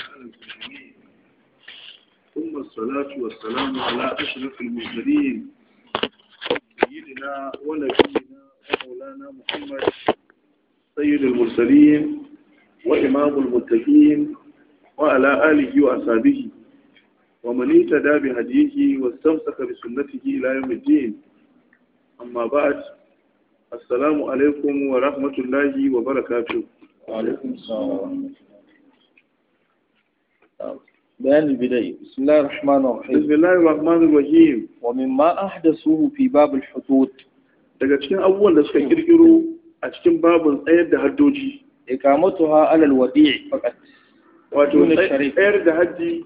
على المسلمين ثم الصلاة والسلام على أشرف المرسلين سيدنا ونبينا ومولانا محمد سيد المرسلين وإمام المتقين وعلى آله وأصحابه ومن اهتدى بهديه واستمسك بسنته إلى يوم الدين أما بعد السلام عليكم ورحمة الله وبركاته وعليكم السلام ورحمة الله بيان البداية بسم الله الرحمن الرحيم بسم الله الرحمن الرحيم ومما أحدثوه في باب daga cikin abubuwan da suka kirkiro a cikin babin tsayar da haddoji ikamatuha alal wadi' faqat wato tsayar da haddi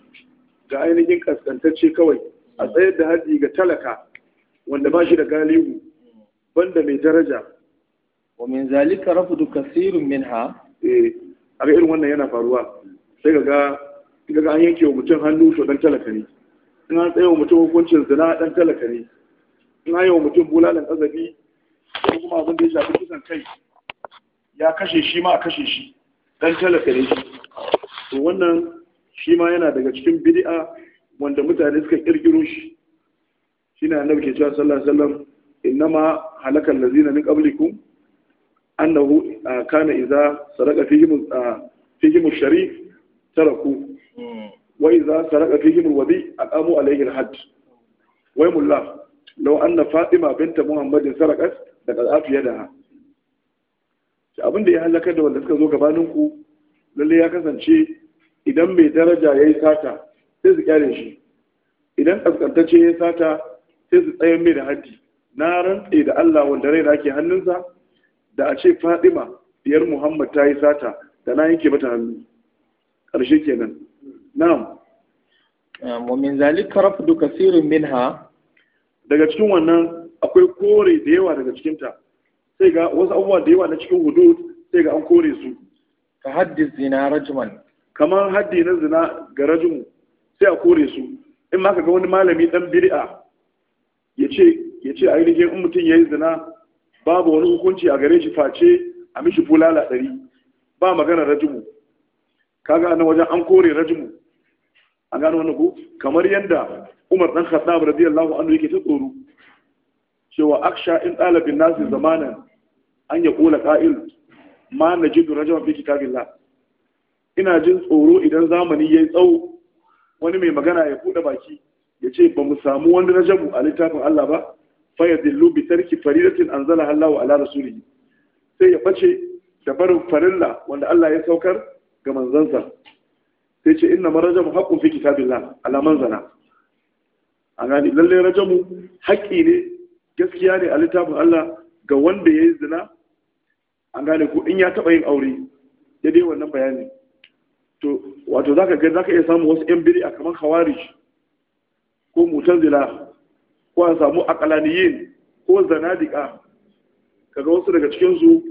ga ainihin kaskantacce kawai a tsayar da haddi ga talaka wanda ba da galihu banda mai daraja wa min zalika rafdu kathirun minha eh a irin wannan yana faruwa sai ga kika an yanke wa mutum hannu to dan talaka ne in an tsaye wa mutum hukuncin zina dan talaka ne in an yi wa mutum bulalan azabi da kuma abin da ya shafi kisan kai ya kashe shi ma a kashe shi dan talaka ne shi to wannan shi ma yana daga cikin bidi'a wanda mutane suka kirkiro shi shine annabi ke cewa sallallahu alaihi wasallam innama halakal ladzina min qablikum annahu kana idza sadaka fihim fihim sharif taraku wa idza saraka fihim alwadi aqamu alayhi Wai mula. mulla law anna fatima binta muhammadin sarakat laqad afiya da abin da ya halakar da wanda suka zo gabanin ku lalle ya kasance idan mai daraja yayi sata sai su kyale shi idan kaskantacce ya sata sai su tsayen mai da haddi na rantse da Allah wanda raina ke hannunsa da a ce Fadima diyar Muhammad ta yi sata da na yanke mata hannu ƙarshe kenan na'am wa min zalika rafdu kaseerun minha daga cikin wannan akwai kore da yawa daga cikin ta sai ga wasu abubuwa da yawa na cikin hudud sai ga an kore su ka haddi zina rajman kamar haddi na zina ga rajum sai a kore su in ma ka ga wani malami dan bid'a ya ce ya ce ainihin in mutum ya yi zina babu wani hukunci a gare shi face a mishi bulala ɗari ba magana rajimu kaga nan wajen an kore rajimu A gano wannan ku kamar yadda Umar dan Khattab radiyallahu anhu yake ta tsoro cewa aksha in ɗalibin nasi zamanan an ya kula ƙa'il ma na jidu fi kitabillah ina jin tsoro idan zamani ya yi tsawo wani mai magana ya buɗe baki ya ce ba mu samu wani rajabu a littafin Allah ba fa ya bi tarki faridatin anzala Allah ala rasulihi sai ya bace da barin farilla wanda Allah ya saukar ga manzansa sai ce inna marajamu haƙƙun fi kitabillah alaman zana a gani lalle rajamu haƙƙi ne gaskiya ne a littafin Allah ga wanda ya yi zina A gane ko in ya taɓa yin aure ya dai wannan bayani to wato ka ga zaka iya samu wasu yan biri a kamar hawari ko zina ko a samu akalaniyin ko zanadika kaga wasu daga cikinsu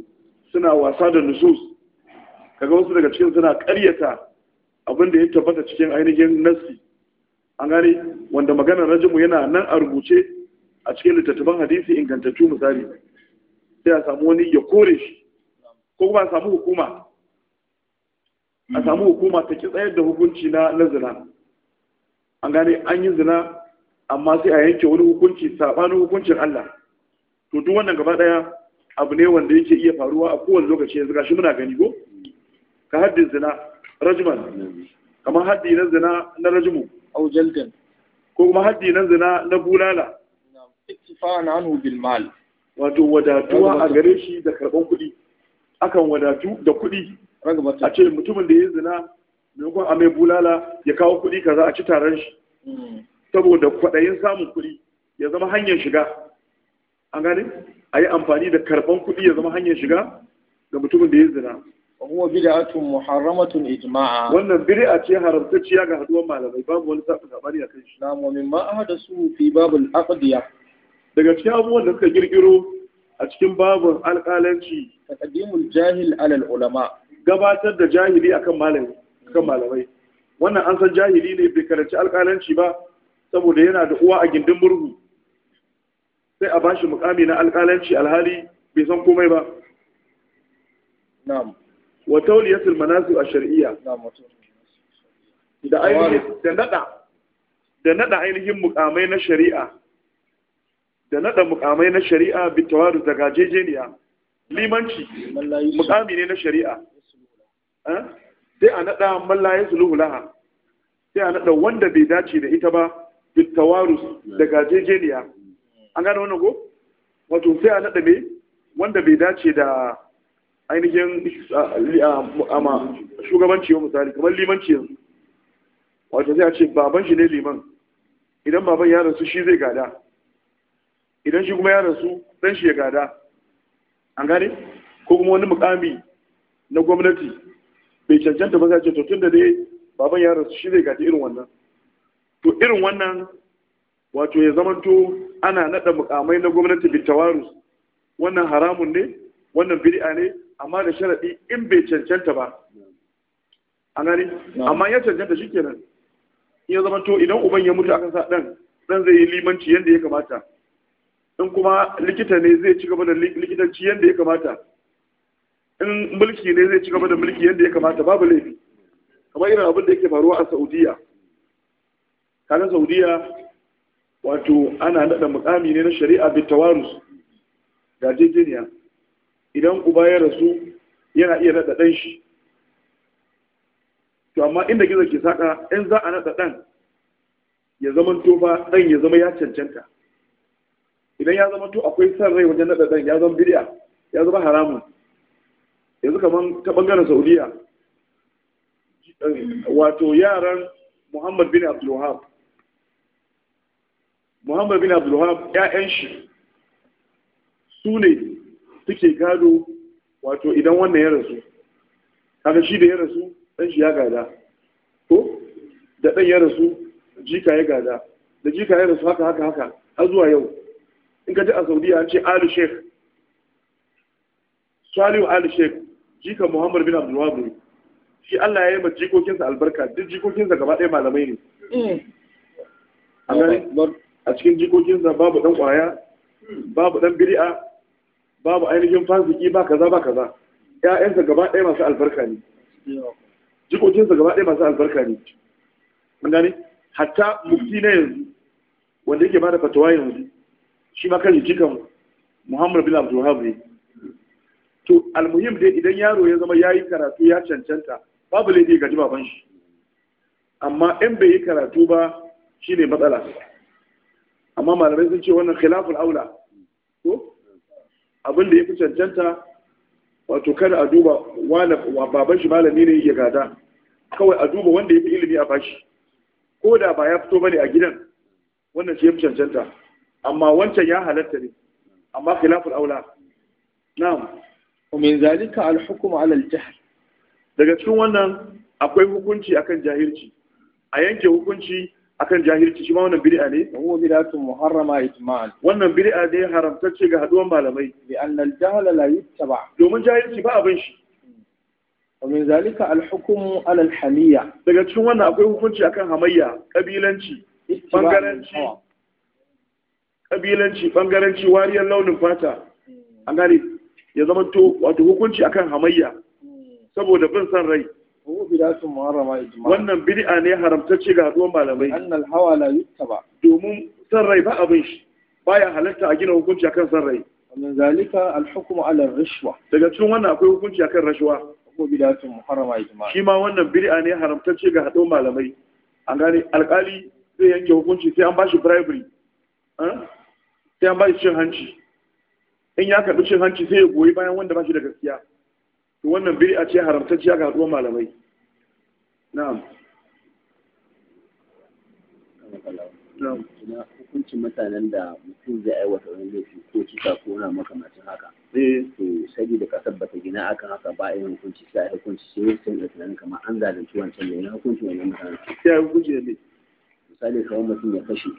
suna wasa da nusus kaga wasu daga cikinsu suna ƙaryata abin da ya tabbata cikin ainihin nassi an gane wanda maganar rajimu yana nan a rubuce a cikin littattafan hadisi ingantattu misali sai a samu wani ya kore shi ko kuma a samu hukuma a samu hukuma ta ki tsayar da hukunci na na zina an gane an yi zina amma sai a yanke wani hukunci sabanin hukuncin Allah to duk wannan gaba daya abu ne wanda yake iya faruwa a kowane lokaci yanzu gashi muna gani ko ka haddin zina rajman kamar haddi na zina na rajmu aw jaldan ko kuma haddi na zina na bulala ittifa'an anhu bil mal wato wadatuwa a gare shi da karban kuɗi akan wadatu da kuɗi a ce mutumin da ya zina maimakon a mai bulala ya kawo kuɗi kaza a ci taron shi saboda kwaɗayin samun kuɗi ya zama hanyar shiga an gane a yi amfani da karɓan kuɗi ya zama hanyar shiga da mutumin da ya zina huwa bid'atun muharramatun ijma'a wannan bid'a ce haramtacciya ga haduwar malamai babu wani sabon labari akan shi na mu mimma ahdasu fi babul aqdiya daga cikin abubuwan da suka girgiro a cikin babun alƙalanci taqdimul jahil alal ulama gabatar da jahili akan malami akan malamai wannan an san jahili ne bai karanci alƙalanci ba saboda yana da uwa a gindin murhu sai a bashi mukami na alƙalanci alhali bai san komai ba na'am wa tauliyatul manasib ash-shar'iyya da ainihin da nada da nada ainihin mukamai na shari'a da nada mukamai na shari'a bi tawadu da jejeniya limanci mukami ne na shari'a eh? sai a nada Mallaye la laha sai a nada wanda bai dace da ita ba bi tawadu da jejeniya an gane wannan ko wato sai a nada me wanda bai dace da ainihin shugabanci wa misali kamar limanci yanzu wato zai a ce baban shi ne liman idan baban ya rasu shi zai gada idan shi kuma ya rasu dan shi ya gada an gane ko kuma wani mukami na gwamnati bai cancanta ba sai ce to tun da dai baban ya rasu shi zai gada irin wannan to irin wannan wato ya zamanto ana nada mukamai na gwamnati bitawarus wannan haramun ne wannan bid'a ne amma da sharaɗi in bai cancanta ba a gani amma ya cancanta shi in ya zama to idan uban ya mutu akan sa ɗan ɗan zai yi limanci yadda ya kamata in kuma likita ne zai ci gaba da likitanci yadda ya kamata in mulki ne zai ci gaba da mulki yadda ya kamata babu laifi kamar irin abin da yake faruwa a saudiya kanan saudiya wato ana naɗa mukami ne na shari'a bitawarus jejeniya idan uba ya rasu yana iya naɗa ɗan shi to amma inda gizo ke saka in za a naɗa ɗan ya zama to fa ɗan ya zama ya cancanta idan ya zama to akwai san rai wajen naɗa ɗan ya zama bid'a ya zama haramun yanzu kamar ta ɓangaren saudiya wato yaran muhammad bin abdulwahab muhammad bin abdulwahab 'ya'yan shi su ne suke gado wato idan wannan ya rasu kaga shi da ya rasu dan shi ya gada ko da dan ya rasu jika ya gada da jika ya rasu haka haka haka har zuwa yau in ka ji a saudiya an ce ali sheikh salihu ali sheikh jika muhammad bin abdul wahab shi Allah ya yi ma jikokinsa albarka duk jikokinsa gaba ɗaya malamai ne mm. a cikin jikokinsa babu dan ƙwaya, babu dan biri'a babu ainihin fasiki ba kaza ba kaza ƴaƴansa gaba ɗaya masu albarka ne jikokinsa gaba ɗaya masu albarka ne mun gane hatta mufti na yanzu wanda yake bada fatawa yanzu shi ma kan jikan Muhammad bin Abdul Wahab ne to almuhim dai idan yaro ya zama yayi karatu ya cancanta babu laifi ga baban shi amma in bai yi karatu ba shine matsala amma malamai sun ce wannan khilaful aula ko abin da ya fi cancanta wato kada a duba baban shi malami ne ya gada kawai a duba wanda ya fi ilimi a bashi ko da ba ya fito bane a gidan wannan shi ya fi cancanta amma wancan ya halatta ne amma khilaful aula na'am ومن ذلك الحكم على الجهل daga cikin wannan akwai hukunci akan jahilci a yanke hukunci akan jahilci shi ma wannan bid'a ne huwa bid'atun muharrama ijma'an wannan bid'a ne haramtacce ga haduwan malamai bi anna al-jahl la yuttaba domin jahilci ba abin shi wa min zalika al-hukm ala al-hamiyya daga cikin wannan akwai hukunci akan hamayya kabilanci bangaranci kabilanci bangaranci wariyar launin fata an gane ya zama to wato hukunci akan hamayya hmm. saboda bin san rai muharrama ijma. Wannan bid'a ne haramtacce ga haɗuwan malamai. Annal hawa la yuttaba. Domin san rai ba abin shi. Baya halatta a gina hukunci akan san rai. Min zalika al-hukmu ala rishwa. Daga cikin wannan akwai hukunci akan rashwa. Wa bid'atun muharrama ijma. Shi ma wannan bid'a ne haramtacce ga haɗuwan malamai. An gane alƙali zai yanke hukunci sai an bashi bribery. Eh? Sai an bashi cin hanci. In ya karɓi cin hanci sai ya goyi bayan wanda ba shi da gaskiya. to wannan bid'a ce haramtacciya ga haduwar malamai na'am na hukuncin mutanen da mutum zai aiwata wani laifi ko cika ko na makamacin haka eh to da kasar ba ta gina akan haka ba a yin hukunci sai hukunci sai sai da tunanin kamar an zalunci wancan ne na hukunci wani mutanen sai hukunci ne misali kamar mutum ya kashe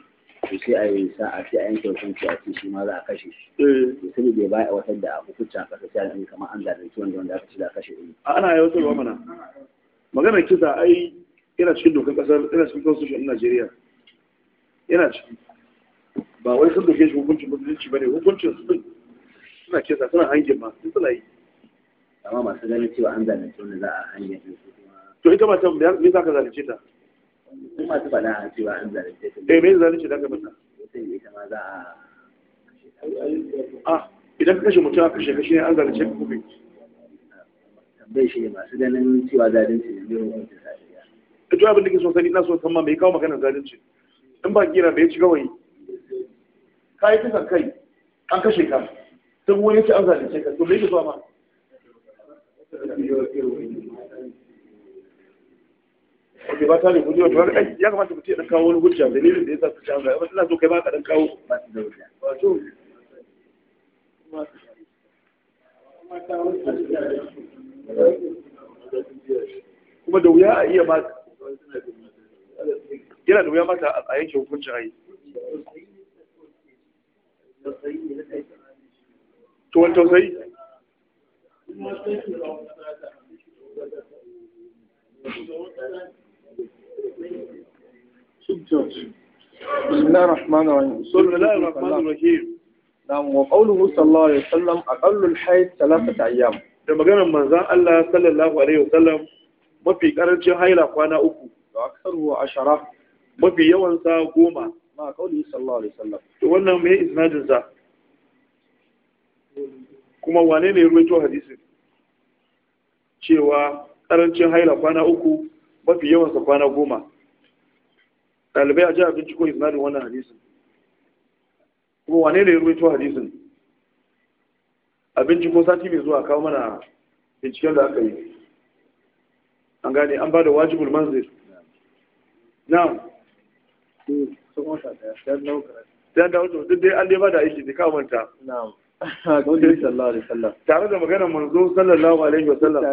to sai a yi sa'a sai a yanke hukunci a ce shi ma za a kashe shi eh. to sai bai ba a watar da hukuncin a ƙasa sai a kamar an zalunci wanda wanda aka ce za a kashe ɗin ana yi wasu mana maganar kisa ai yana cikin dokar ƙasar yana cikin constitution na Najeriya yana ciki ba wai sun doke shi hukuncin musulunci ba ne hukuncin su suna kisa suna hangin ma sun suna yi amma masu ganin cewa an zalunci wanda za a hangin su to ita matan me za ka zalunce ta su masu faɗa cewa an zalunce su eh me zalunci da aka mata mutum ah idan ka kashe mutum a kashe kashe ne an zalunce ka kuma tambayi shi ne masu ganin cewa zalunci ne zai rubuta sa shari'a duk eh, abin da ke son sani na so san ma me kawo maganar zalunci in ba kira bai ci gawayi ka yi kisan kai an kashe ka sun wani ce an zalunce ka to me yake so ma ke ba ta ne kudi wata ai ya kamata mutum ya dan kawo wani hujja dalilin da ya sa su ba haka ina so kai ba ka dan kawo ba ta wato kuma da wuya a iya ma yana da wuya mata a yanke hukuncin ai to wani tausayi Thank you. بسم الله الرحمن الرحيم بسم الله الرحمن الرحيم وقوله صلى الله عليه وسلم أقل الحيض ثلاثة أيام da maganar manzan Allah sallallahu alaihi wasallam mafi karancin haila kwana uku da aksaru ashara mafi yawan sa goma ma kauli sallallahu alaihi wasallam to wannan me isnadin sa kuma wane ne ruwaito hadisin cewa karancin haila kwana uku mafi yawansa kwana goma ɗalibai a jihar a binciko isnadin wannan hadisin kuma wane ne ya ruwaito hadisin a binciko sati mai zuwa kawo mana binciken da aka yi an gane an ba da wajibul manzir na eh, sun wata daya dawo duk dai an dai ba da aiki da kawo manta na'am tare da maganar manzo sallallahu alaihi wasallam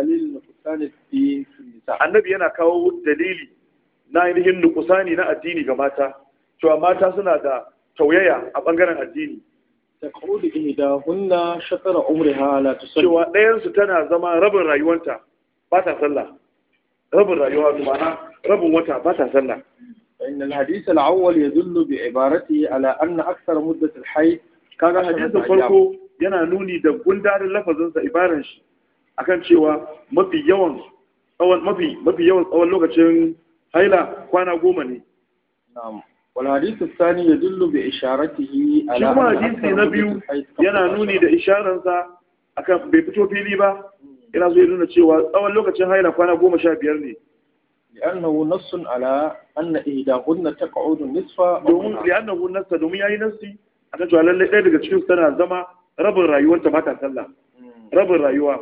annabi yana kawo dalili na ainihin nukusani na addini ga mata cewa mata suna da tauyaya a bangaren addini taqudu ihdahunna shatara umriha la tusalli cewa ɗayan su tana zama rabin rayuwanta ba ta sallah rabin rayuwa ma'ana rabin wata ba ta sallah فإن الحديث الأول يدل بعبارته على أن أكثر مدة الحيض kaga hadisin farko yana nuni da gundarin lafazinsa ibaran shi akan cewa mafi yawan tsawon mafi mafi yawan tsawon lokacin haila kwana goma ne na'am wal hadith athani yadullu bi isharatihi ala kuma hadisi na biyu yana nuni da isharan sa akan bai fito fili ba Ina hmm. so ya nuna cewa tsawon lokacin haila kwana goma sha biyar ne لأنه نص على أن إهداهن تقعد نصف لأنه نص دومي أي نصي a kan cewa lallai ɗaya daga cikin tana zama rabin rayuwarta ba ta sallah mm. rabin rayuwa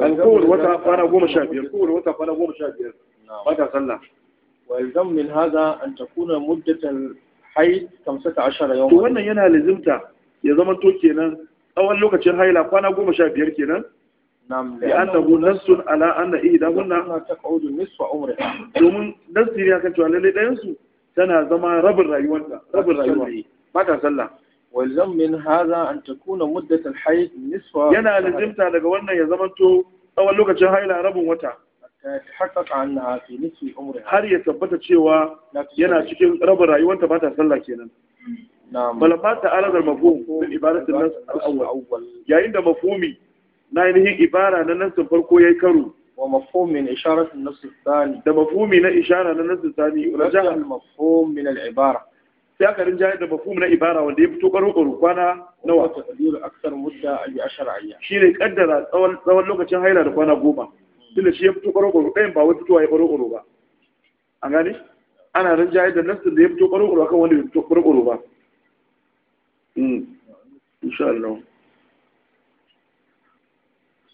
an wata kwana goma sha biyar kowane wata kwana goma sha biyar ba ta sallah wa ilzam min haza an kuna muddatan hay kamsata ashara yau to wannan yana lizimta ya zama to kenan tsawon lokacin haila kwana goma sha biyar kenan لأنه نص على na إيدهن تقعد نصف عمرها. يوم نص يعني كان تقول kan تنا زمان رب الرأي zama rabin rayuwa. ba ta sallah walzam min hadha an takuna muddat al-hayd nisfa yana lazimta daga wannan ya zama to tsawon lokacin haila rabin wata har ya tabbata cewa yana cikin rabin rayuwarta ba sallah kenan balamma ta aladar mafhum ibaratin nas al-awwal yayin da mafhumi na ainihin ibara na nasin farko yayi karo wa mafhumin isharatin nas al da mafhumi na ishara na nas al-thani raja'a al-mafhum min al-ibara sai aka rinja da mafhum na ibara wanda ya fito karo karo kwana nawa taqdir aksar mudda ali ashar ayya shi ne kaddara tsawon tsawon lokacin haila da kwana goma hmm. tunda shi ya fito karo karo ɗayan ba wai fitowa ya karo karo ba an gane ana rinja da nassin da ya fito karo karo akan wanda ya fito karo karo ba hmm. insha Allah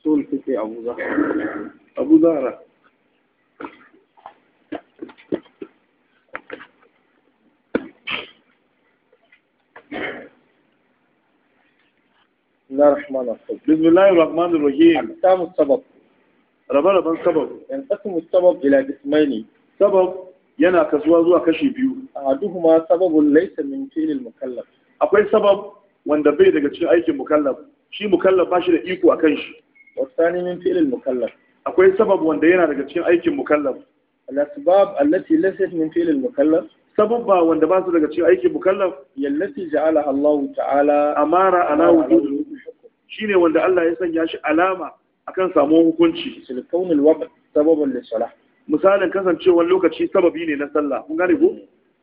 sul fiqi abu zahra abu zahra بسم الله الرحمن الرحيم بسم الله الرحمن الرحيم أقسام السبب ربا ربا سبب ينقسم السبب إلى قسمين سبب yana kasuwa zuwa kashi biyu ahaduhuma sababun laysa min fi'lil mukallaf akwai sabab wanda bai daga cikin aikin mukallaf shi mukallaf ba shi da iko akan shi wasani min fi'lil mukallaf akwai sabab wanda yana daga cikin aikin mukallaf al-asbab allati laysat min fi'lil mukallaf Sabab ba wanda ba su daga cikin aikin mukallaf yallati ja'alaha Allah ta'ala amara ala wujud Shi ne wanda Allah ya sanya shi alama akan samun hukunci silkaunil sababin da lisalah misalin kasancewar lokaci sababi ne na sallah kun gane ko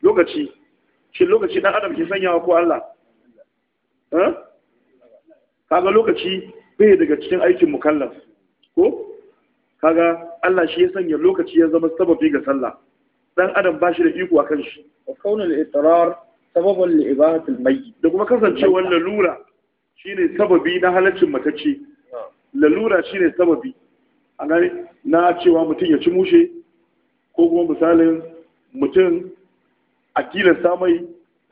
lokaci shi lokaci ɗan adam ke sanyawa ko Allah eh kaga lokaci bai daga cikin aikin mukallaf ko kaga Allah shi ya sanya lokaci ya zama sababi ga sallah dan adam ba shi da iko kan shi da kuma kasancewar lalura shine sababi na halaccin matacce lalura shine sababi a gani na cewa mutum ya ci mushe ko kuma misalin mutum a tilasta mai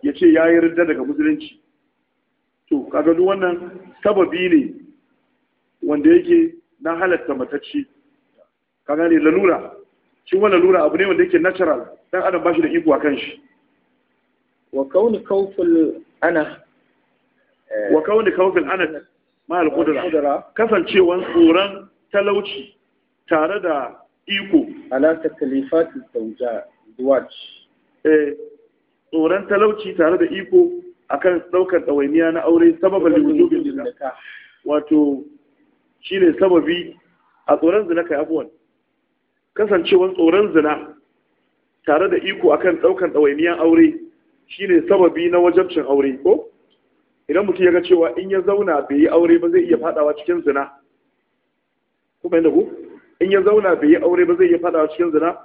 ya ce ya yi rinda daga musulunci to kagadu wannan sababi ne wanda yake na halatta matacce ka ne lalura shi wani lalura abu ne wanda yake natural dan adam bashi da iko a kan shi wa kauni kawful ana wa kauni kawfil anad ma al kudura kasancewan tsoron talauci tare da iko ala takalifati sauja zawaj eh tsoron talauci tare da iko akan daukar dawainiya na aure sababin wujubin zina wato shine sababi a tsoron zina kai abuwan kasancewan tsoron zina tare da iko akan daukar dawainiyan aure shine sababi na wajabcin aure ko idan mutum ya ga cewa in ya zauna bai yi aure ba zai iya fadawa cikin zina kuma yadda ku in ya zauna bai yi aure ba zai iya fadawa cikin zina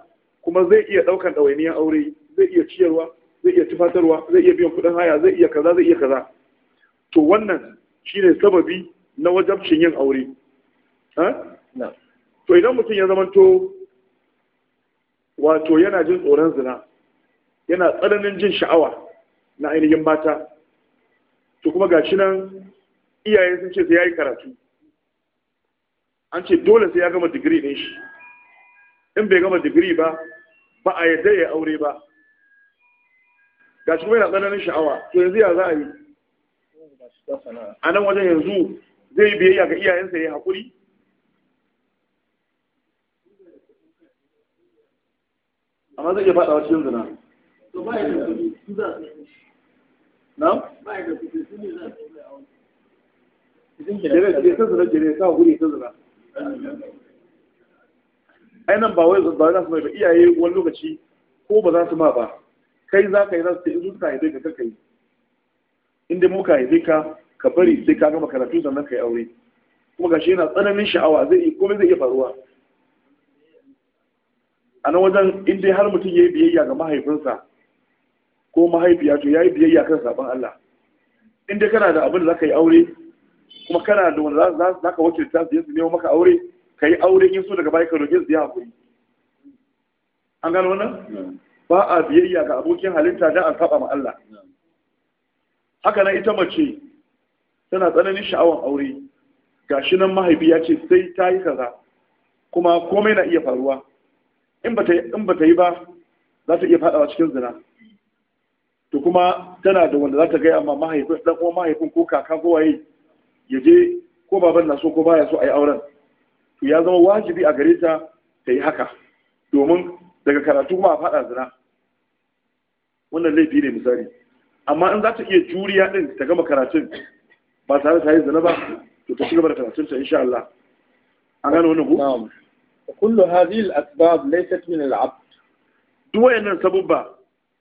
kuma zai iya daukan ɗawainiyar aure zai iya ciyarwa zai iya tufatarwa zai iya biyan kuɗin haya zai iya kaza zai iya kaza to wannan shine sababi na wajabcin yin aure to idan mutum ya zamanto wato yana jin tsoron zina yana tsananin jin sha'awa na ainihin mata to kuma shi nan iyaye sun ce sai ya yi karatu an ce dole sai ya gama digiri ɗin shi in bai gama digiri ba ba a yadda ya aure ba shi kuma yana tsananin sha'awa to yanzu ya za a yi a nan wajen yanzu zai biyayya ga iyayensa ya yi haƙuri amma zai iya faɗawa cikin zina na? ba da kuɗi su ne za ai nan ba wai ba za su mai ba iyaye wani lokaci ko ba za su ma ba kai za ka yi za su yi in zuka yi ka kai in muka yi ka ka bari sai ka gama karatu sannan ka yi aure kuma gashi yana tsananin sha'awa zai yi komai zai iya faruwa a nan wajen in dai har mutum ya yi biyayya ga mahaifinsa ko mahaifiya to yayi biyayya kan sabon Allah inda kana da abin da zaka yi aure kuma kana da wanda za ka wakilta su yanzu nemo maka aure ka yi aure in so daga baya ka roƙe su ya an gano wannan ba a biyayya ga abokin halitta don an saba ma Allah haka nan ita mace tana tsananin sha'awar aure gashi nan mahaifi ce sai ta yi kaza kuma komai na iya faruwa in ba ta yi ba za ta iya fadawa cikin zina to kuma tana da wanda za ta gaya amma mahaifin da kuma mahaifin ko kaka ko waye ya je ko baban na so ko baya so a yi auren to ya zama wajibi a gare ta ta yi haka domin daga karatu kuma a faɗa zina wannan laifi ne misali amma in za ta iya juriya din ta gama karatun ba tare ta yi zina ba to ta cigaba da karatun ta insha Allah an gano wannan ko kullu hadhihi al-asbab laysat min al-abd duk wayannan sabubba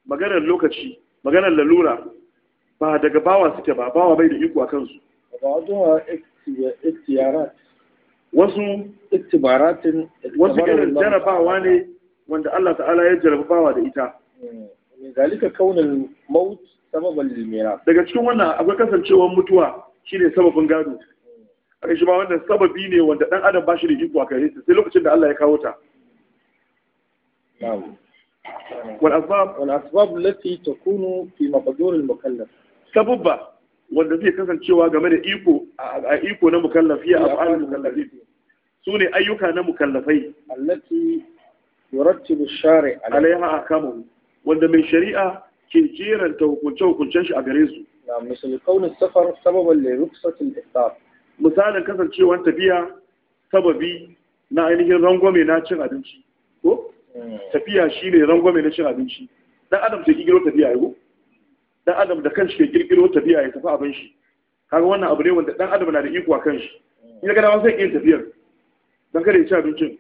maganar lokaci maganar lalura ba daga bawa suke ba bawa bai da iko a kansu wasu iktibaratin wasu irin jarabawa ne wanda Allah ta'ala ya jarabawa da ita hmm. zalika kaunul maut sababan limira daga cikin wannan akwai kasancewar mutuwa shine sababin gado hmm. a shi ba wannan sababi ne wanda dan adam ba shi da iko a kai sai lokacin da Allah ya kawo ta na'am والأسباب والأسباب التي تكون في مقدور المكلف سببا wanda zai kasancewa game da iko a iko na mukallafi a af'al mukallafi su ne ayyuka na mukallafai allati yurattibu shari alaiha ahkamu wanda mai shari'a ke jeranta hukunce hukuncen shi a gare su na misal kaunin safar sababan li ruksati al-iftar misalin kasancewar tafiya sababi na ainihin rangwame na cin abinci ko tafiya shi ne rangwame na cin abinci dan adam ke kirkiro tafiya yau dan adam da kanshi ke kirkiro tafiya ya tafi abin shi kaga wannan abu ne wanda dan adam na da iko a kanshi Ina ga dama sai yin tafiyar dan kada ya ci abincin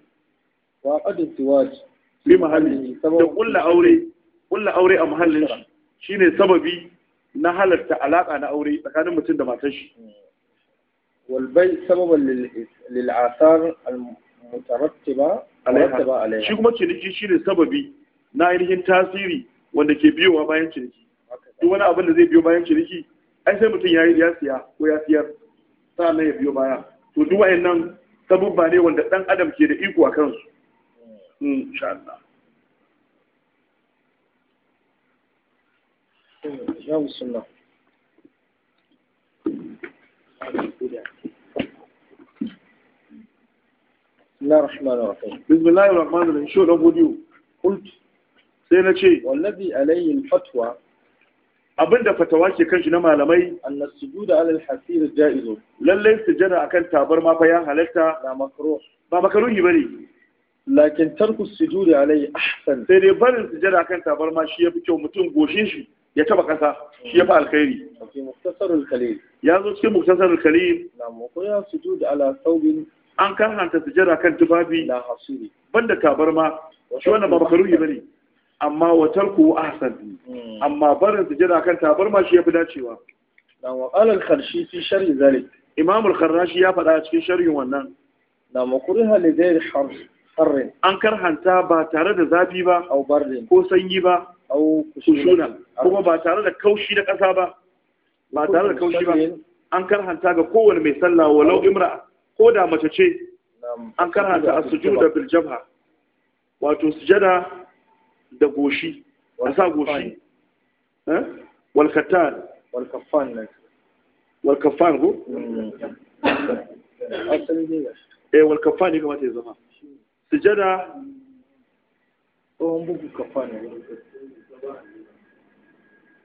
wa qad tiwaj li mahalli da kullu aure kullu aure a mahallin shi shine sababi na halarta alaka na aure tsakanin mutum da matar shi والبيع سببا للآثار shi kuma ciniki shi ne sababi na ainihin tasiri wanda ke biyowa bayan ciniki duk wani abin da zai biyo bayan ciniki ai sai mutum ya yi ya siya ko ya siyar na ya biyo baya to duk nan sabubba ne wanda dan adam ke da iko a kansu hmm. insha Allah ya musulma الله الرحمن الرحيم بسم الله الرحمن الرحيم شو ربو قلت سينا شيء والذي عليه الفتوى abin da fatawa ke kanshi na malamai annas sujuda ala al-hasir jaiz lalle sujada akan tabar ma fa ya halatta na makro ba makruhi bane lakin tarku sujuda alai ahsan sai dai barin sujada akan tabar ma shi yafi kyau mutum goshin shi ya taba kasa shi yafi alkhairi fi muktasar al-khalil ya zo cikin muktasar al-khalil na mu ko ya sujuda ala thawbin an karhanta sujada kan tufafi la hasuri banda tabarma shi wannan ba makaruhi bane amma kuwa a ahsan hmm. amma barin sujada kan tabarma shi ya fi dacewa na wa qala kharshi fi sharh zalik imam al-kharrashi ya faɗa a cikin sharhin wannan na makruha li ghayr harr an karhanta ba tare da zafi ba aw bardin ko sanyi ba aw kushuna kuma ba tare da kaushi da ƙasa ba ba tare da kaushi ba an karhanta ga kowane mai sallah walau imra'a ko da mace ce an karanta a sujuda bil jabha wato sujada da goshi a sa goshi wal eh? walkafan wal kaffan ne wal ko hmm. eh wal ne kamata ya zama sujada tsohon bugu kafan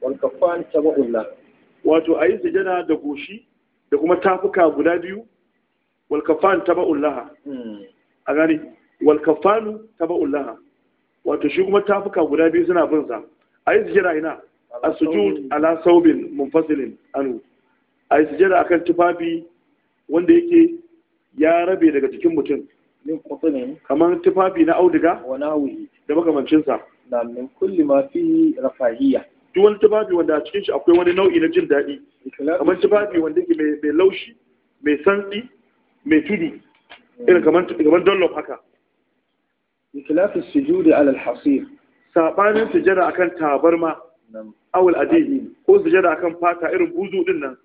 walkafan kaffan tabu'ullah wato yi sujada da goshi da kuma tafuka guda biyu wal kafan taba'un laha a gane wal kafanu taba'un laha wato shi kuma tafuka guda biyu suna bin sa ayi sujjada ina as-sujud ala saubin munfasilin anu ayi sujjada akan tufafi wanda yake ya rabe daga jikin mutum kamar tufafi na auduga da makamancinsa na min wani tufafi wanda a cikin shi akwai wani nau'i na jin daɗi kamar tufafi wanda ke mai laushi mai santsi mai tudu irin kamar dollop haka ikilafin sujudi alal hasir sabanin sujada akan tabarma awul adihi ko sujada akan fata irin buzu din nan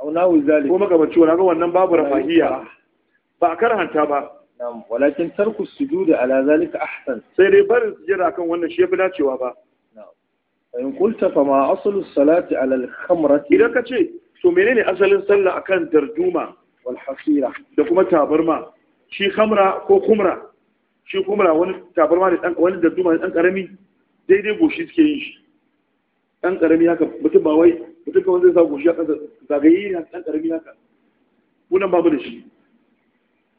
aw nawu zalik ko ga wannan babu rafahiya ba a karhanta ba walakin tarku sujudi ala zalika ahsan sai dai barin sujada akan wannan shi yafi dacewa ba in kulta fa ma asalu salati ala al-khamrati idan kace to menene asalin sallah akan darduma والحصيرة دكما Shi شي خمرة كو خمرة شي خمرة وان تابرما لتنك وان دردوما لتنك أرمي دي دي بوشي تكيش تنك أرمي هكا متبا وي متبا وان زي ساقوشي هكا زاقيين هكا تنك أرمي هكا wannan babu da shi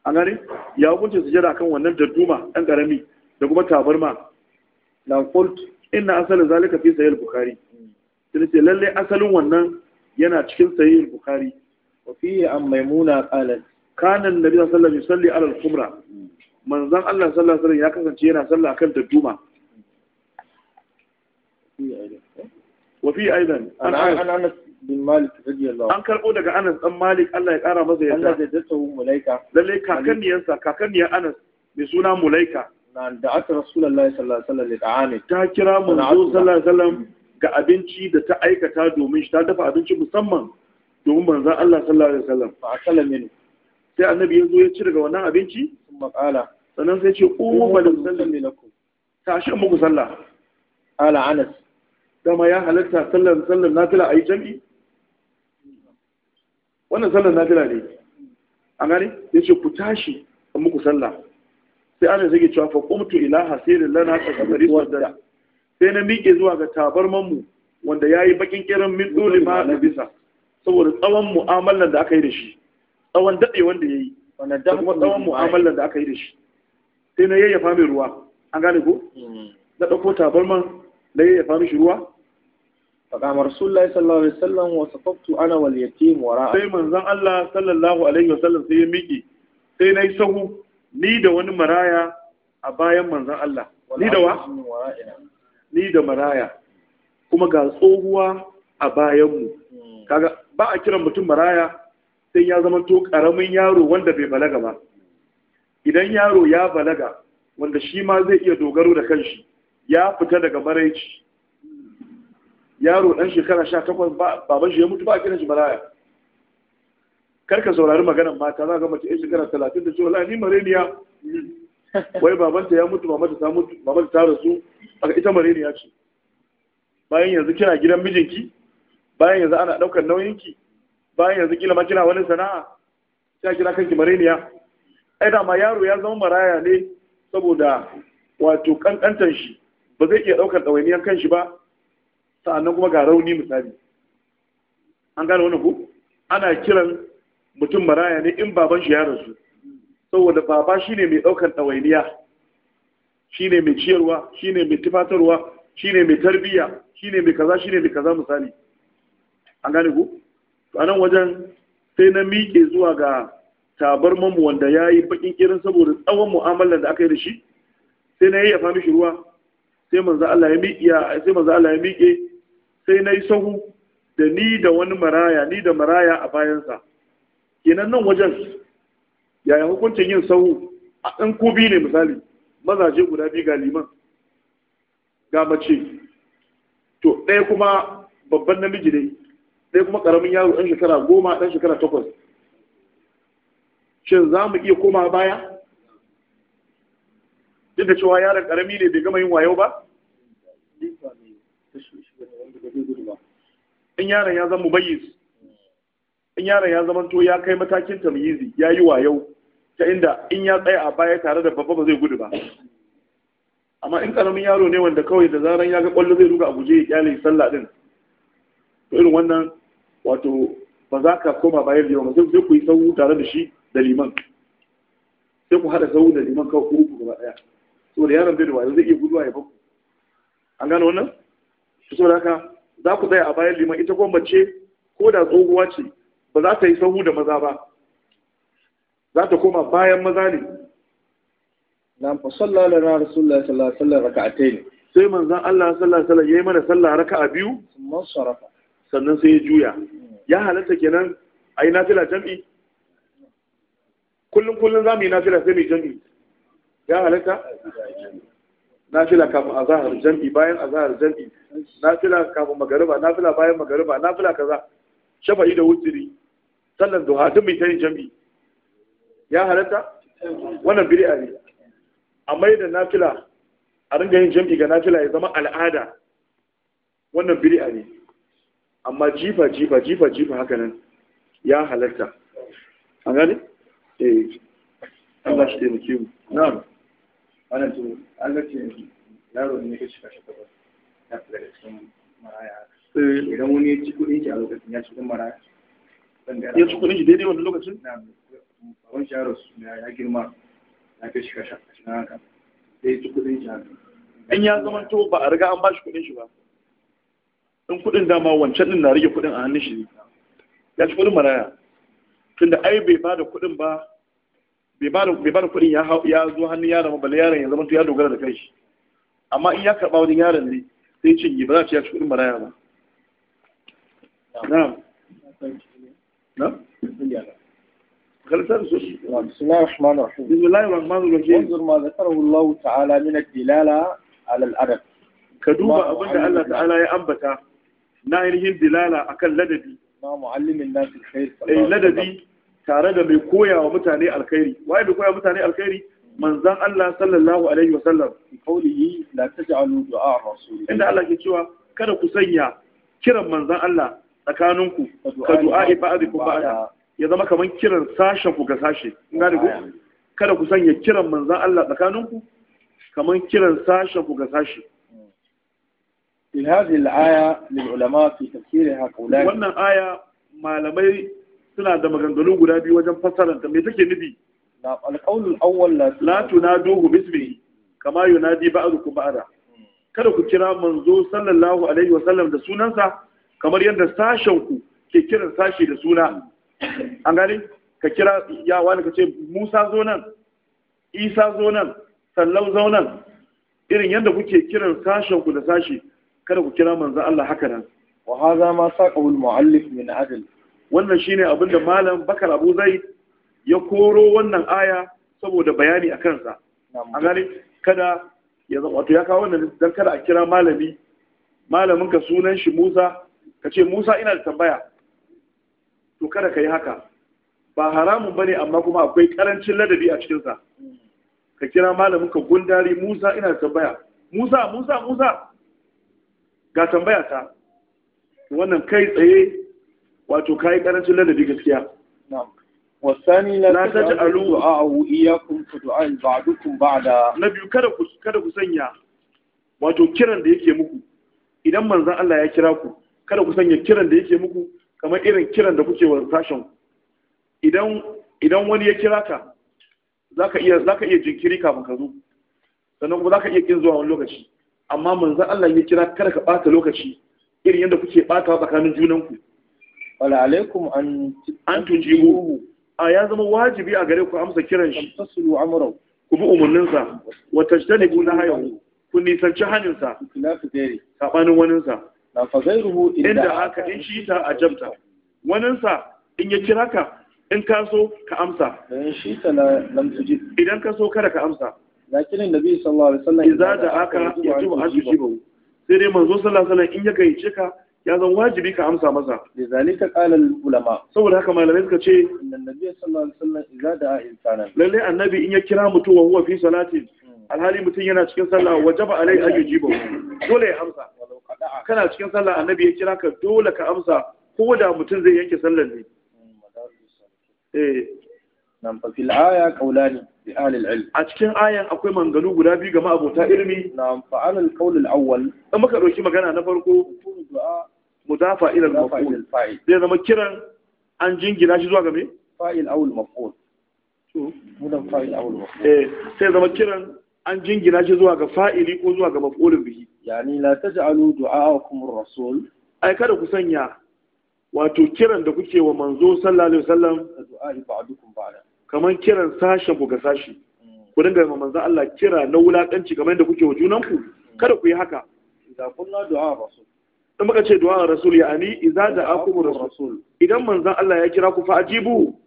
a gane ya hukunce sujada kan wannan dadduma ɗan ƙarami da kuma tabarma la qult inna asala zalika fi sahih al-bukhari sai ce lalle asalin wannan yana cikin sahih al-bukhari وفيه عن ميمونة قالت كان النبي صلى الله عليه وسلم يصلي على الخمرة من ظن الله صلى الله عليه وسلم يكسن تينا صلى أكل الجمعة وفي أيضا عن أنس بن مالك رضي الله عنه أن كربو دقى أنس أم مالك الله يقرى مزا يتا أنس يدته ملايكة للي كاكن ينسى كاكن يا أنس بسونا ملايكة نعم دعت رسول الله صلى الله عليه وسلم للعاني تاكرا منذ صلى الله عليه وسلم ga abinci da ta aikata domin shi ta domin manzan Allah sallallahu alaihi wasallam fa akala min sai annabi ya zo ya ci daga wannan abinci sun makala sannan sai ce ba da sallan ne lakum tashi muku sallah ala anas dama ya halatta sallar sallan nafila ayi jam'i? wannan sallar nafila ne a gane ya ce ku tashi a muku sallah sai ana zage cewa fa qumtu ila hasirin lana ta kadari sai na miƙe zuwa ga tabarmanmu wanda yayi bakin kiran min dole ma na bisa saboda tsawon mu'amalar da aka yi da shi tsawon daɗe wanda ya yi wannan kuma tsawon mu'amalar da aka yi da shi sai na yayyafa mai ruwa an gane ko mm. na ɗauko tabarman na yayyafa mishi ruwa فقام رسول الله صلى الله عليه وسلم وصففت انا واليتيم وراء sai manzon Allah sallallahu alaihi wasallam sai ya miƙe. sai na yi sahu ni da wani maraya a bayan manzon Allah ni da wa ni da maraya kuma ga tsohuwa a bayan mu mm. kaga ba a kiran mutum maraya sai ya zama to ƙaramin yaro wanda bai balaga ba idan yaro ya balaga wanda shi ma zai iya dogaro da kanshi ya fita daga maraici yaro ɗan shekara sha takwas baban shi ya mutu ba a kiran shi maraya karka saurari maganar mata za ga mace yan shekara talatin da ce wala ni mareniya wai babanta ya mutu mamata ta mutu mamata ta rasu ita mareniya ce bayan yanzu kina gidan mijinki bayan yanzu ana ɗaukar nauyinki bayan yanzu kila ma wani sana'a sai kira kanki mareniya ai da ma yaro ya zama maraya ne saboda wato kankantan shi ba zai iya ɗaukar ɗawainiyar kanshi ba sa'annan kuma ga rauni misali an gane wani ku ana kiran mutum maraya ne in baban shi ya rasu saboda baba shine mai ɗaukar ɗawainiya shine mai ciyarwa shine mai tufatarwa shine mai tarbiyya shine mai kaza shine mai kaza misali an gane ku to anan wajen sai na miƙe zuwa ga mamu wanda ya yi baƙin kirin saboda tsawon mu'amalar da aka yi da shi sai na yi ya fami ruwa sai manzo Allah ya miƙe sai manzo Allah ya miƙe sai na yi sahu da ni da wani maraya ni da maraya a bayansa kenan nan wajen yaya hukuncin yin sahu a ɗan ne misali mazaje guda biyu ga liman ga mace to ɗaya kuma babban namiji ne. sai kuma karamin yaro ɗan shekara goma ɗan shekara takwas shin za mu iya koma baya duk da cewa yaron karami ne bai gama yin wayo ba in yaron ya zama bayis in yaron ya zama to ya kai matakin tamyizi ya yi wayo ta inda in ya tsaya a baya tare da babba ba zai gudu ba amma in karamin yaro ne wanda kawai da zaran ya ga kwallo zai ruga a guje ya kyale sallah din to irin wannan wato ba za ka koma bayan liman sai ku yi sahu tare da shi da liman sai ku haɗa sahu da liman kawai ku uku gaba ɗaya saboda yaron bai da wayo zai iya guduwa ya baku an gano wannan su saboda haka za ku tsaya a bayan liman ita kuma mace ko da tsohuwa ce ba za ta yi sahu da maza ba za ta koma bayan maza ne nan fa sallallahu alaihi wasallam sallallahu alaihi wasallam raka'atayn sai manzon Allah sallallahu alaihi wasallam yayi mana sallah raka'a biyu sun sarafa sannan sai ya juya ya halatta kenan a yi nafila jam'i kullum kullum za mu yi nafila sai mai jam'i ya halatta nafila kafin zahar jam'i bayan zahar jam'i nafila kafin magariba nafila bayan magariba nafila kaza shafa'i da wutiri sallan duha duk mai tayin jam'i ya halatta wannan bid'a ne amma yadda nafila a ringa yin jam'i ga nafila ya zama al'ada wannan bid'a ne amma jifa jifa jifa jifa haka nan ya halarta an gane eh Allah shi taimake mu na'am wannan to an ga ce yaro ne ka shiga shiga ba ya fi daga cikin maraya eh. idan wani ya ci kudin shi a lokacin ya cikin maraya ya ci kudin shi daidai wani lokacin wani yaro ya girma ya kai shiga shiga haka sai ya ci kuɗin shi haka in ya zama to ba a riga an ba shi kuɗin shi ba in kuɗin dama wancan ɗin na rage kuɗin a hannun shi ya ci kuɗin maraya tunda ai bai ba da kuɗin ba bai ba da kuɗin ya zo hannun yaron ba balle yaron ya zama ya dogara da kai amma in ya karɓa wani yaron ne sai yi ba za ci ya ci kuɗin maraya ba na'am duba بسم الله الرحمن الرحيم بسم الله الرحمن الرحيم انظر ما ذكره الله تعالى من على الله تعالى يا na ainihin dilala akan ladabi muallimin eh ladabi tare da mai koya wa mutane alkhairi waye mai koya wa mutane alkhairi manzon Allah sallallahu alaihi wasallam sallam. qawlihi la taj'alu du'a rasul inda Allah ke cewa kada ku sanya kiran manzon Allah tsakaninku ka du'a ba'dikum ba'da ya zama kaman kiran sashen ku ga sashe in da kada ku sanya kiran manzon Allah tsakaninku kaman kiran sashen ku ga sashe في هذه الآية للعلماء في تفسيرها قولان wannan aya malamai suna da maganganu guda biyu wajen فصلا ta me take nufi na alqaul alawwal la la tunaduhu bismihi kama yunadi kada ku kira manzo sallallahu alaihi wa sallam da sunansa kamar yadda sashen ku ke kiran sashi da suna an gani ka kira ya wani ka ce Musa zo nan Isa zo nan Sallau zo nan irin yadda kuke kiran sashen da sashi kada ku kira manzo Allah haka nan wa hadha ma saqahu al-mu'allif min adl wannan shine abinda malam Bakar Abu Zaid ya koro wannan aya saboda bayani a kansa a gani kada ya wato ya kawo wannan dan kada a kira malami malamin ka sunan shi Musa ka ce Musa ina da tambaya to kada ka yi haka ba haramun bane amma kuma akwai karancin ladabi a cikinsa mm. ka kira malamin ka gundari Musa ina da tambaya Musa Musa Musa ga tambaya ta wannan kai tsaye wato kai karancin ladabi gaskiya wasani la taj'alu a'u iyyakum ka du'a'i ba'dukum ba'da na biyu kada ku kada ku sanya wato kiran da yake muku idan manzon Allah ya kira ku kada ku sanya kiran da yake muku kamar irin kiran da kuke wa fashion idan idan wani ya kira ka zaka iya zaka iya jinkiri kafin ka zo sannan kuma zaka iya kin zuwa wani lokaci amma manzan Allah ya kira kada ka ɓata lokaci irin yadda kuke ɓata tsakanin junanku wala alaikum an tunji tujibu a ya zama wajibi a gare ku amsa kiran shi ku bi umarninsa. Wata wa tajtanibu nahayahu ku nisanci hanin sa sabanin wanin sa la fa ghayruhu inda haka in shi ta a jamta. Waninsa, in ya kira ka in ka so ka amsa in shi ta idan ka so kada ka amsa lakinin nabi sallallahu alaihi wasallam idza da aka yajibu an ba. sai dai manzo sallallahu alaihi wasallam in ya gayyace ka ya zan wajibi ka amsa masa da zalika qala ulama saboda haka malamai suka ce annan nabi sallallahu alaihi wasallam idza da'a insanan lalle annabi in ya kira mutum wa huwa fi salati alhali mutum yana cikin sallah wajaba alai an ba, dole ya amsa kana cikin sallah annabi ya kira ka dole ka amsa ko da mutum zai yanke sallar ne hmm, eh nan fa fil aya qawlani li ahli al-ilm a cikin ayan akwai mangalu guda biyu ga ma'abota ilmi nan fa ala al-qawl al-awwal in muka dauki magana na farko mudafa ila al-maf'ul zai zama kiran an jingina shi zuwa ga me fa'il awul maf'ul to mudafa fa'il awul maf'ul eh sai zama kiran an jingina shi zuwa ga fa'ili ko zuwa ga maf'ulin bihi yani la taj'alu du'a'akum ar-rasul ai kada ku sanya wato kiran da kuke wa manzo sallallahu alaihi wasallam du'a ba'dukum ba'da kamar kiran sashen ku ga sashi ku dinga ma manzon Allah kira na wulakanci kamar yadda kuke wa junanku kada ku yi haka idan na du'a rasul in muka ce du'a rasul ya ani idza da'akum rasul idan manzon Allah ya kira ku fa ajibu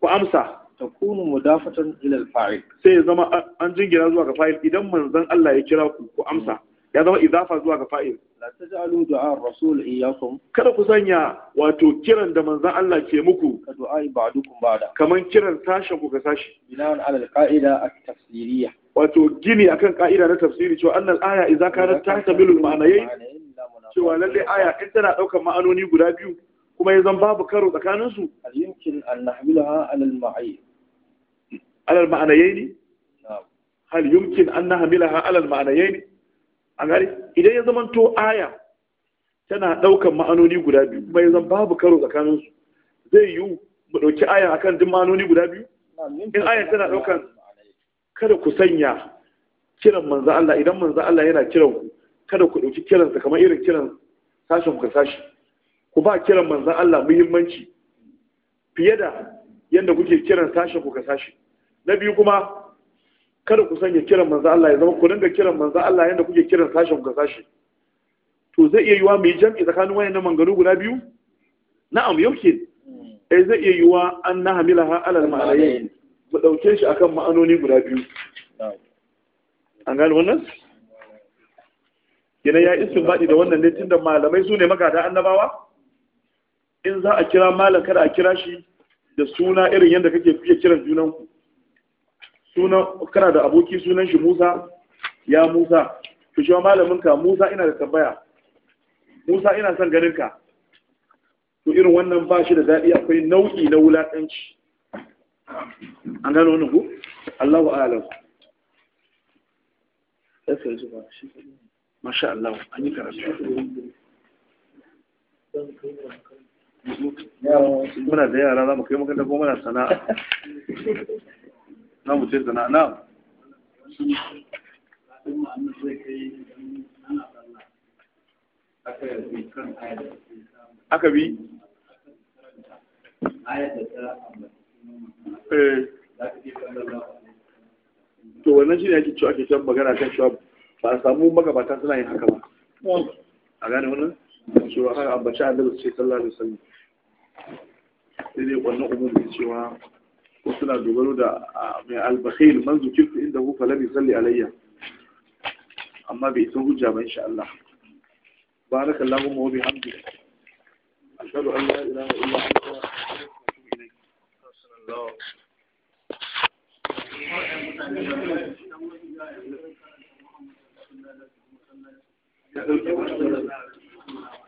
ku amsa takunu mudafatan ila al-fa'il sai ya zama an jingira zuwa ga fa'il idan manzon Allah ya kira ku ku amsa ya zama izafa zuwa ga fa'il la taj'alu du'a ar-rasul iyyakum kada ku sanya wato kiran da manzon Allah ke muku ka du'a ba'dukum ba'da kaman kiran sashen ku ga sashi bilan ala al-qa'ida at-tafsiriyya wato gini akan ka'ida na tafsiri cewa annal aya idza kanat tahtamilu al-ma'nayayn cewa lalle aya in tana daukar ma'anoni guda biyu kuma ya zan babu karo tsakanin su yumkin an nahmilaha ala a gari idan ya zama to aya tana ɗaukan ma'anoni guda biyu kuma yanzu babu karo tsakaninsu zai yiwu mu ɗauki aya akan duk ma'anoni guda biyu in aya tana ɗaukan kada ku sanya kiran manzo Allah idan manzo Allah yana kiran ku kada ku ɗauki kiransa kamar irin kiran sashin ku sashi ku ba kiran manzo Allah muhimmanci fiye da yadda kuke kiran sashin ku sashi na biyu kuma kada ku sanya kiran manzo Allah ya zama ku dinga kiran manzo Allah yanda kuke kiran sashen ku sashi to zai iya yiwa mai jami'i tsakanin wayannan manganu guda biyu na'am yauke eh zai iya yiwa an na hamilaha alal ma'alayin mu dauke shi akan ma'anoni guda biyu an gane wannan yana ya isin baɗi da wannan ne tunda malamai su ne magada annabawa in za a kira malam kada a kira shi da suna irin yadda kake fiye kiran junanku sunan kana da aboki sunan shi Musa ya Musa to shi malamin ka Musa ina da tambaya Musa ina son ganin ka to irin wannan ba shi da dadi akwai nau'i na wulakanci an gano ne ku Allahu a'lam sai ji ba shi masha Allah an yi karatu muna da yara za mu kai makaranta ko muna sana'a na mu ce sana na aka bi eh. to wannan shi ne ake cewa ake can magana kan cewa ba a samu magabata suna yin haka ba a gane wannan cewa haka ambaci annabi sai sallallahu da wasallam sai dai wannan da cewa ko suna dogaro da mai albakhil man zukirtu inda hu falam salli alayya amma bai san hujja ba insha Allah barakallahu wa bihamdihi ashhadu an la ilaha illa anta astaghfiruka wa atubu ilayk